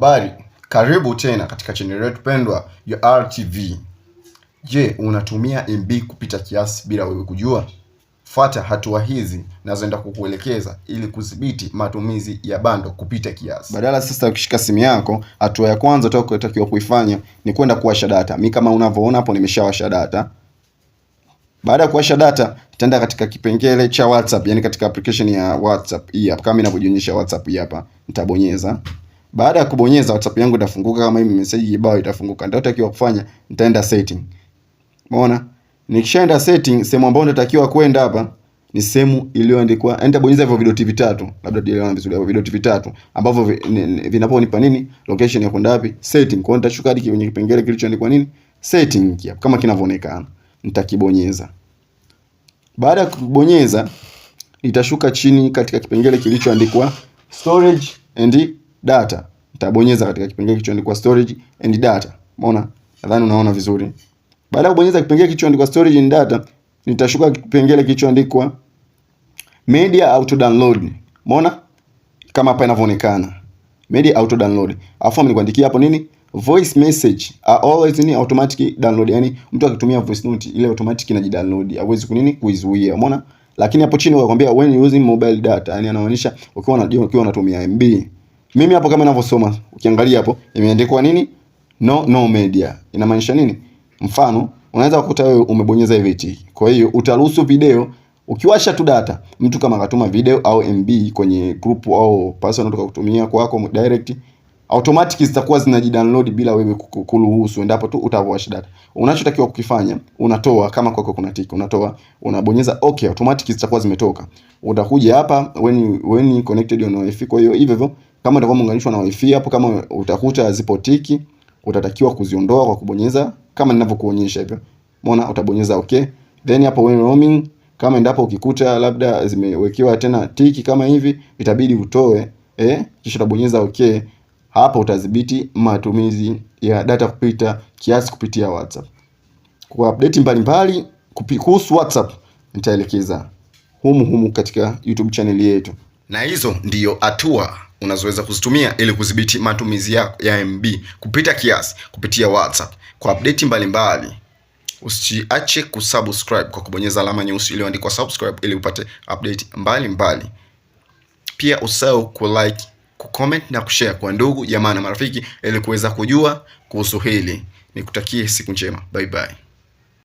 Habari, karibu tena katika chaneli yetu pendwa ya RTV. Je, unatumia MB kupita kiasi bila wewe kujua? Fuata hatua hizi nazoenda kukuelekeza ili kudhibiti matumizi ya bando kupita kiasi. Badala sasa ukishika simu yako, hatua ya kwanza utakayotakiwa kuifanya ni kwenda kuwasha data. Mi kama unavyoona hapo, nimeshawasha data. Baada ya kuwasha data, nitaenda katika kipengele cha WhatsApp, yani katika application ya WhatsApp hii hapa, kama inavyojionyesha WhatsApp hii hapa, nitabonyeza baada ya kubonyeza WhatsApp yangu itafunguka kama hii message jibao itafunguka. Nitakiwa kufanya nitaenda setting. Umeona? Nikishaenda setting sehemu ambayo natakiwa kwenda hapa ni sehemu iliyoandikwa, yani bonyeza hivyo vidoti vitatu, labda dielewana vizuri hapo, vidoti vitatu ambavyo vinaponipa nini location ya kwenda wapi setting. Kwa hiyo nitashuka hadi kwenye kipengele kilichoandikwa nini setting hapa, kama kinavyoonekana nitakibonyeza. Baada ya kubonyeza itashuka chini katika kipengele kilichoandikwa storage and data. Nitabonyeza katika kipengele kilichoandikwa storage and data. Umeona? Nadhani unaona vizuri. Baada ya kubonyeza kipengele kilichoandikwa storage and data, nitashuka kipengele kilichoandikwa media auto download. Umeona? Kama hapa inavyoonekana. Media auto download. Afu nikuandikia hapo nini? Voice message are always ni automatic download. Yani mtu akitumia voice note ile automatic inajidownload. Hawezi kunini kuizuia. Umeona? Lakini hapo chini wakwambia when using mobile data, yani anaonyesha ukiwa anamaanisha ukiwa unatumia MB mimi hapo kama ninavyosoma, ukiangalia hapo imeandikwa nini? No no media. Inamaanisha nini? Mfano, unaweza kukuta wewe umebonyeza hivi tiki. Kwa hiyo utaruhusu video ukiwasha tu data, mtu kama akatuma video au MB kwenye group au personal anataka kutumia kwako direct automatic zitakuwa zinajidownload bila wewe kuruhusu, endapo tu utawash data. Unachotakiwa kukifanya unatoa, kama kwako kuna tiki, unatoa unabonyeza okay, automatic zitakuwa zimetoka. Utakuja hapa when when connected on wifi. Kwa hiyo hivyo hivyo, kama utakuwa muunganishwa na wifi hapo, kama utakuta zipo tiki, utatakiwa kuziondoa kwa kubonyeza kama ninavyokuonyesha hivyo. Umeona, utabonyeza okay, then hapo when roaming, kama endapo ukikuta labda zimewekewa tena tiki kama hivi, itabidi utoe eh, kisha utabonyeza okay. Hapa utadhibiti matumizi ya data kupita kiasi kupitia WhatsApp. Kwa update mbalimbali kuhusu WhatsApp nitaelekeza humu humu katika YouTube channel yetu, na hizo ndiyo hatua unazoweza kuzitumia ili kudhibiti matumizi yako ya MB kupita kiasi kupitia WhatsApp. Kwa update mbalimbali usiache kusubscribe kwa kubonyeza alama nyeusi iliyoandikwa subscribe ili upate update mbalimbali mbali. Pia usahau ku like kucomment na kushare kwa ndugu jamaa na marafiki ili kuweza kujua kuhusu hili. Nikutakie siku njema. Bye bye.